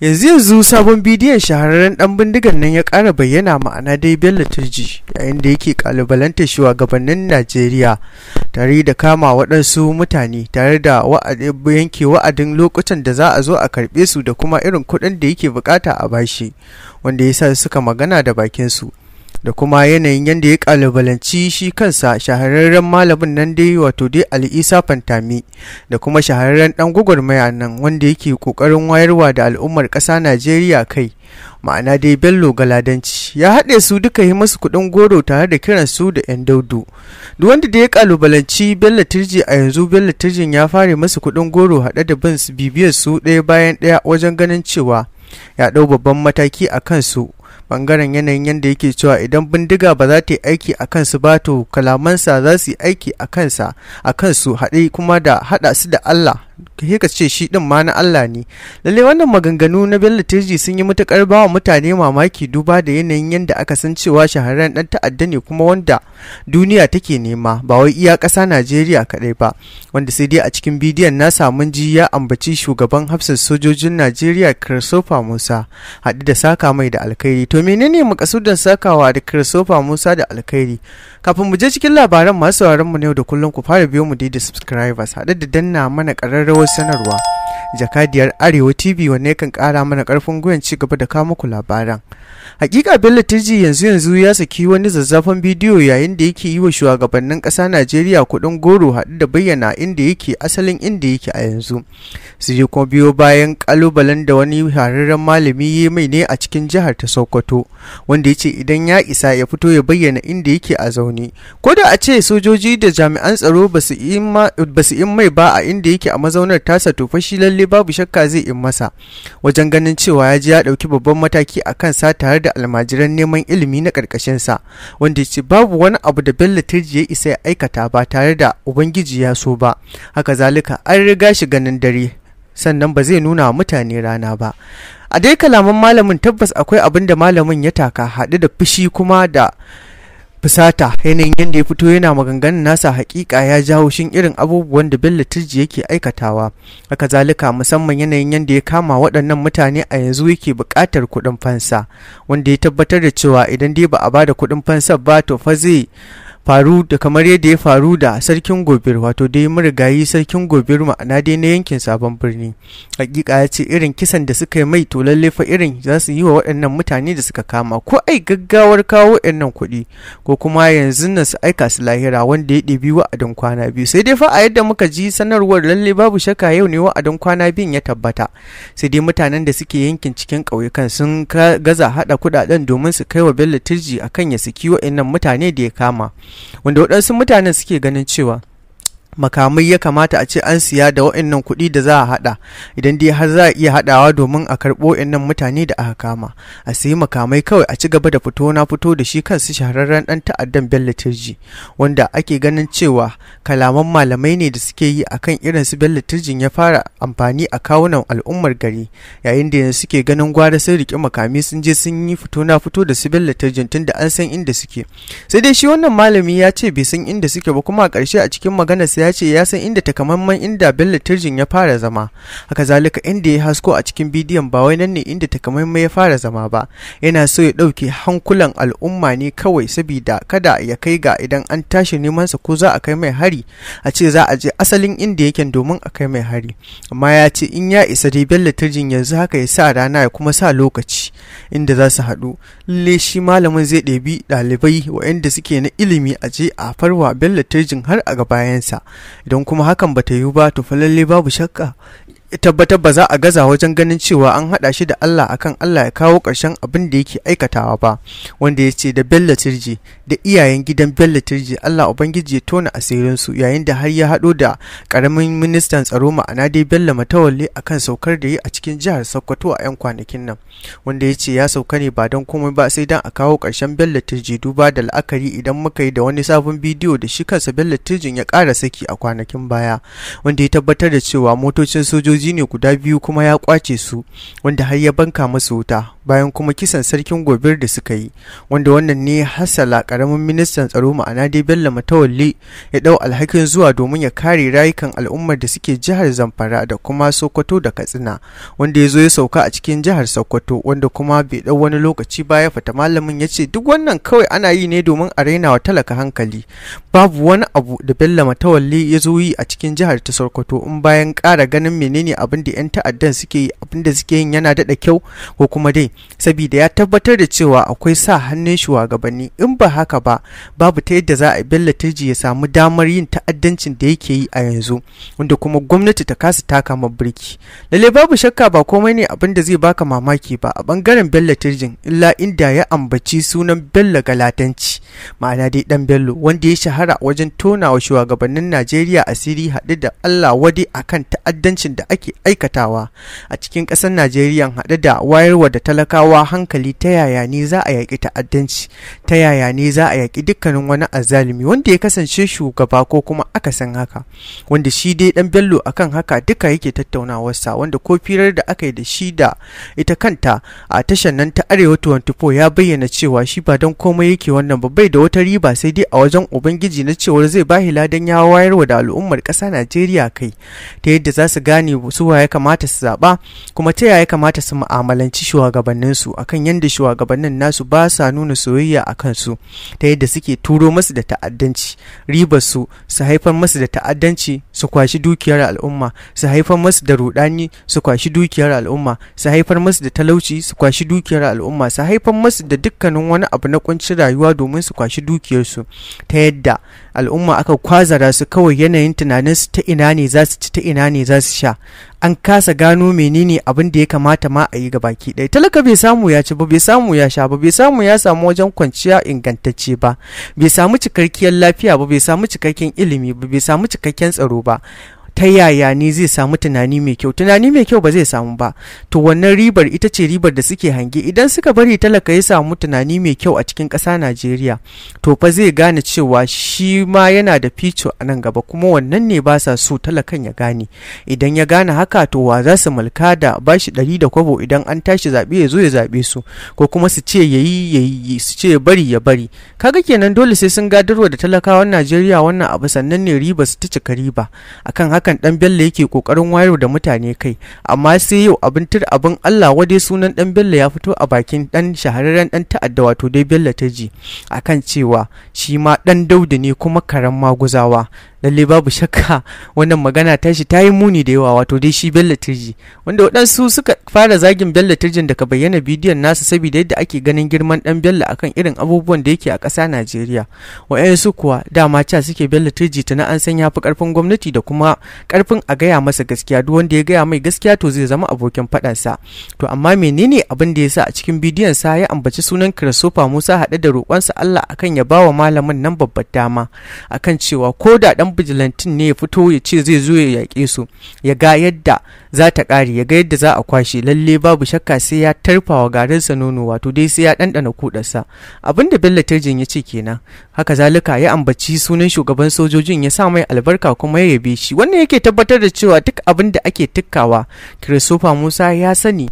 yanzu yanzu sabon bidiyon shahararren dan bindigar nan ya kara bayyana ma'ana dai bello turji yayin da yake kalubalantar gabanin najeriya tare da kama waɗansu mutane tare da yanke wa'adin lokutan da za a zo a karɓe su da kuma irin kuɗin da yake bukata a bashi wanda ya sa suka magana da bakin su. da kuma yanayin yadda ya kalubalanci shi kansa shahararren malamin nan dai wato dai al'isa fantami da kuma shahararren dan gwagwarmaya nan wanda yake kokarin wayarwa da al'ummar ƙasa najeriya kai ma'ana dai bello galadanci ya haɗe su duka yi masu kuɗin goro tare da kiran su da yan daudu duk wanda da ya kalubalanci bello turji a yanzu bello turjin ya fara masu kuɗin goro haɗe da bins bibiyar su ɗaya bayan ɗaya wajen ganin cewa ya ɗau babban mataki a kansu bangaren yanayin yadda yake cewa idan bindiga ba za ta yi aiki a kansu ba to kalamansa za su yi aiki a kansa a kansu haɗe kuma da haɗa su da Allah kai ka ce shi din ma na Allah ne lalle wannan maganganu na Bello Tirji sun yi ba bawa mutane mamaki duba da yanayin yadda aka san cewa shahararren ɗan ta'adda ne kuma wanda duniya take nema ba wai iya ƙasa Najeriya kaɗai ba wanda sai dai a cikin bidiyon na samun ji ya ambaci shugaban hafsan sojojin Najeriya Christopher Musa haɗu da saka mai da alkhairi to ne makasudin sakawa da Christopher Musa da Alkhairi kafin mu je cikin labaran masu sauraron mu ne da kullum ku fara biyo mu da subscribers haɗe da danna mana ƙararrawar sanarwa jakadiyar Arewa TV wanne kan ƙara mana ƙarfin gwiwan ci gaba da kawo muku labaran Hakika Bello tiji yanzu yanzu ya saki wani zazzafan bidiyo yayin da yake yi wa shugabannin kasa Najeriya kuɗin goro hadu da bayyana inda yake asalin inda yake a yanzu. Su je kuma biyo bayan kalubalen da wani hararren malami ya mai ne a cikin jihar ta Sokoto, wanda ya ce idan ya isa ya fito ya bayyana inda yake a zaune. Ko da a ce sojoji da jami'an tsaro ba su in mai ba a inda yake a mazaunar tasa to fashi lalle babu shakka zai in masa. Wajen ganin cewa ya je ya ɗauki babban mataki a sa tare da da almajiran neman ilimi na ƙarƙashinsa wanda ce babu wani abu da bello tirji ya isa ya aikata ba tare da ubangiji ya so ba haka zalika an riga shi ganin dare sannan ba zai nuna wa mutane rana ba a dai kalaman malamin tabbas akwai abin da malamin ya taka haɗu da fushi kuma da fusata yanayin yadda ya fito yana maganganun nasa hakika ya jawo shin irin abubuwan da bello tirji yake aikatawa a kazalika musamman yanayin yadda ya kama waɗannan mutane a yanzu yake buƙatar kuɗin fansa wanda ya tabbatar da cewa idan dai ba a bada kuɗin fansa ba to fa zai faru da kamar yadda ya faru da sarkin gobir wato dai marigayi sarkin gobir ma'ana dai na yankin sabon birni hakika ya ce irin kisan da suka yi mai to lalle fa irin za su yi wa waɗannan mutane da suka kama ko ai gaggawar kawo nan kuɗi ko kuma yanzu nan su aika su lahira wanda ya ɗebi wa'adin kwana biyu sai dai fa a yadda muka ji sanarwar lalle babu shakka yau ne wa'adin kwana biyun ya tabbata sai dai mutanen da suke yankin cikin ƙauyukan sun gaza haɗa kuɗaɗen domin su kai wa bello turji akan ya saki wa'annan mutane da ya kama wanda waɗansu mutanen suke ganin cewa makamai ya kamata a ce an siya da wa'annan kuɗi da za a haɗa idan dai har za a iya haɗawa domin a karɓo wa'annan mutane da aka kama a sayi makamai kawai a ci gaba da fito na fito da shi kansu shahararren ɗan ta'addan bello turji wanda ake ganin cewa kalaman malamai ne da suke yi akan irin su bello turjin ya fara amfani a kawunan al'ummar gari yayin da yanzu suke ganin gwara sun rike makami sun je sun yi fito na fito da su bello turjin tun da an san inda suke sai dai shi wannan malami ya ce bai san inda suke ba kuma a ƙarshe a cikin maganar ya ce ya san inda takamaiman inda Bello Turjin ya fara zama. Haka zalika inda ya hasko a cikin bidiyon ba wai nan ne inda takamaiman ya fara zama ba. Yana so ya ɗauke hankulan al'umma ne kawai saboda kada ya kai ga idan an tashi neman sa ko za a kai mai hari a ce za a je asalin inda yake domin a kai mai hari. Amma ya ce in ya isa dai Bello Turjin yanzu haka ya sa rana ya kuma sa lokaci inda za su haɗu. Lalle shi malamin zai ɗebi ɗalibai waɗanda suke na ilimi a je a farwa Bello Turjin har a gabayansa idan kuma hakan bata yiwu ba to fa lalle babu shakka tabbatar ba za a gaza wajen ganin cewa an haɗa shi da Allah akan Allah ya kawo ƙarshen abin da yake aikatawa ba wanda ya ce da Bello Tirji da iyayen gidan Bello Tirji Allah Ubangiji ya tona asirinsu yayin da har ya haɗo da ƙaramin ministan tsaro ma'ana dai Bello Matawalle akan saukar da yi a cikin jihar Sokoto a 'yan kwanakin nan wanda ya ce ya sauka ne ba don komai ba sai dan a kawo ƙarshen Bello Tirji duba da la'akari idan muka yi da wani sabon bidiyo da shi kansa Bello Tirjin ya ƙara saki a kwanakin baya wanda ya tabbatar da cewa motocin sojoji sojoji ne guda biyu kuma ya kwace su wanda har ya banka masu wuta bayan kuma kisan sarkin gobir da suka yi wanda wannan ne hasala karamin ministan tsaro ma'ana dai bello matawalli ya dau alhakin zuwa domin ya kare rayukan al'ummar da suke jihar zamfara da kuma sokoto da katsina wanda ya zo ya sauka a cikin jihar sokoto wanda kuma bai dau wani lokaci baya fata malamin ya ce duk wannan kawai ana yi ne domin a raina wa talaka hankali babu wani abu da bello matawalli ya zo yi a cikin jihar ta sokoto in bayan kara ganin menene ne abin da 'yan ta'addan suke yi abin da suke yin yana daɗa kyau ko kuma dai saboda ya tabbatar da cewa akwai sa hannun shugabanni in ba haka ba babu ta yadda za a bello turji ya samu damar yin ta'addancin da yake yi a yanzu wanda kuma gwamnati ta kasa taka ma birki lalle babu shakka ba komai ne abin da zai baka mamaki ba a bangaren bello tirjin illa inda ya ambaci sunan bello galatanci ma'ana dai dan bello wanda ya shahara wajen tona wa shugabannin najeriya asiri haɗe da allah wade akan ta'addancin da ake aikatawa a cikin ƙasar najeriya haɗu da wayarwa da talakawa hankali ta yaya ne za a yaƙi ta'addanci ta yaya ne za a yaƙi dukkanin wani azalimi wanda ya kasance shugaba ko kuma akasin haka wanda shi dai dan bello akan haka duka yake tattaunawarsa wanda ko firar da aka yi da shi da ita kanta a tashan nan ta arewa 24 ya bayyana cewa shi ba don komai yake wannan babban bai da wata riba sai dai a wajen ubangiji na cewar zai ba shi ladan ya wayarwa da al'ummar ƙasa najeriya kai ta yadda za su gane su ya kamata su zaɓa kuma ta yaya kamata su mu'amalanci shugabanninsu akan yadda shugabannin nasu ba sa nuna soyayya a kansu ta yadda suke turo masu da ta'addanci ribar su su haifar masu da ta'addanci su kwashi dukiyar al'umma su haifar masu da rudani su kwashi dukiyar al'umma su haifar masu da talauci su kwashi dukiyar al'umma su haifar masu da dukkanin wani abu na kuncin rayuwa domin su kwashi dukiyarsu ta yadda al'umma aka kwazara su kawai yanayin tunanin su ta ina ne za su ci ta ina ne za su sha an kasa gano menene abin da ya kamata ma a yi ga baki ɗaya talaka bai samu ya ci ba bai samu ya sha ba bai samu ya samu wajen kwanciya ingantacce ba bai samu cikakkiyar lafiya ba bai samu cikakken ilimi ba bai samu cikakken tsaro ba ta yaya ne zai samu tunani mai kyau tunani mai kyau ba zai samu ba to wannan ribar ita ce ribar da suke hange idan suka bari talaka ya samu tunani mai kyau a cikin ƙasa najeriya to fa zai gane cewa shi ma yana da fico a nan gaba kuma wannan ne ba sa so talakan ya gane idan ya gane haka to wa za su mulka da bashi ɗari da kwabo idan an tashi zaɓe ya zo ya zaɓe su ko kuma su ce ya yi ya yi su ce bari ya bari kaga kenan dole sai sun gadarwa da talakawan najeriya wannan abu sannan ne riba su ta cika riba akan haka hakan dan bello yake kokarin wayar da mutane kai amma sai yau abin tur abin Allah wade sunan dan bello ya fito a bakin dan shahararren dan ta'adda wato dai bello ta ji akan cewa shi ma dan dauda ne kuma karan maguzawa lalle babu shakka wannan magana tashi ta yi muni da yawa wato dai shi bello ji, wanda waɗansu suka fara zagin bello jin daga bayyana bidiyon nasu saboda yadda ake ganin girman dan bello akan irin abubuwan da yake a ƙasa najeriya wa'yansu kuwa dama ca suke bello ji tana an san ya fi ƙarfin gwamnati da kuma karfin a gaya masa gaskiya duk wanda ya gaya mai gaskiya to zai zama abokin sa to amma menene abin da ya sa a cikin bidiyon sa ya ambaci sunan Christopher Musa haɗe da roƙonsa Allah akan ya bawa malamin nan babbar dama akan cewa ko da dan bijilantin ne ya fito ya ce zai zo ya yaƙe su ya ga yadda za ta ƙari ya ga yadda za a kwashe lalle babu shakka sai ya tarfawa garinsa nono wato dai sai ya ɗanɗana kuɗarsa abin da bello turjin ya ce kenan haka zalika ya ambaci sunan shugaban sojojin ya sa mai albarka kuma ya yabe shi wannan yake tabbatar da cewa duk abin da ake tukkawa christopher musa ya sani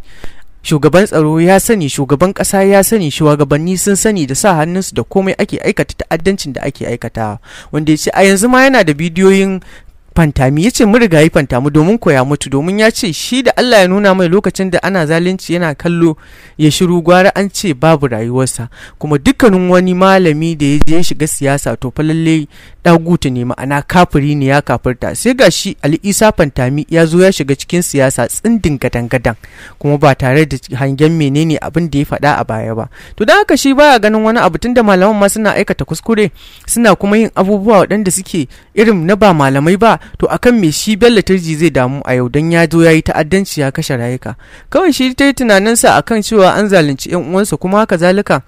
shugaban tsaro ya sani shugaban ƙasa ya sani shugabanni sun sani da sa hannunsu da komai ake aikata ta'addancin da ake aikata. wanda ya ce a yanzu ma yana da bidiyoyin fantami ya ce mu riga yi fantamu domin koya mutu domin ya ce shi da Allah ya nuna mai lokacin da ana zalunci yana kallo ya shiru gwara an ce babu rayuwarsa kuma dukkanin wani malami da ya je shiga siyasa to fa lalle dagutu ne ma'ana kafiri ne ya kafirta sai ga shi Ali Isa fantami ya zo ya shiga cikin siyasa tsindin gadan-gadan kuma ba tare da hangen menene abin da ya fada a baya ba to dan haka shi baya ganin wani abu tunda malaman ma suna aikata kuskure suna kuma yin abubuwa waɗanda suke irin na ba malamai ba to akan me shi bello turji zai damu a yau don ya zo ya yi ta'addanci ya kashe rayuka kawai shi ta yi tunaninsa akan cewa an zalunci 'yan uwansa kuma haka zalika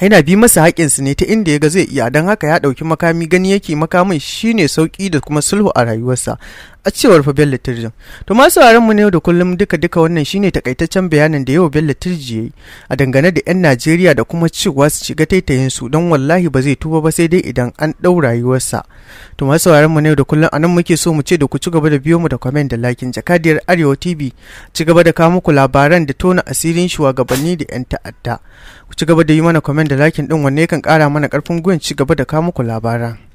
yana bi masa su ne ta inda ya ga zai iya don haka ya ɗauki makami gani yake makamin shine sauki da kuma sulhu a rayuwarsa a cewar fa Bello Turjin. To masu mu ne da kullum duka duka wannan shine takaitaccen bayanin da yau Bello Turji yayi a dangane da 'yan Najeriya da kuma cewa su shiga taitayin su don wallahi ba zai tuba ba sai dai idan an ɗau rayuwarsa. To masu mu ne da kullum anan muke so mu ce da ku ci gaba da biyo mu da comment da lakin jakadiyar Arewa TV ci gaba da kawo muku labaran da tona asirin shugabanni da 'yan ta'adda. ku ci gaba da yi mana comment da lakin din wanne kan kara mana karfin gwiwa ci gaba da kawo muku labara.